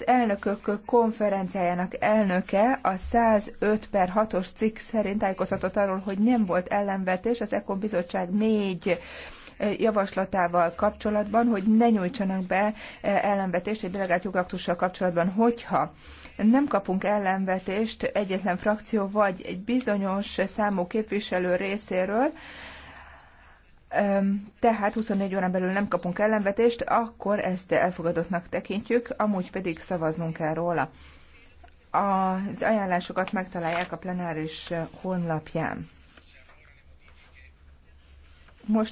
elnökök konferenciájának elnöke a 105 per 6-os cikk szerint tájékoztatott arról, hogy nem volt ellenvetés az EKON bizottság négy eh, javaslatával kapcsolatban, hogy ne nyújtsanak be eh, ellenvetést egy delegált jogaktussal kapcsolatban, hogyha nem kapunk ellenvetést egyetlen frakció vagy egy bizonyos számú képviselő részéről, tehát 24 órán belül nem kapunk ellenvetést, akkor ezt elfogadottnak tekintjük, amúgy pedig szavaznunk kell róla. Az ajánlásokat megtalálják a plenáris honlapján. Most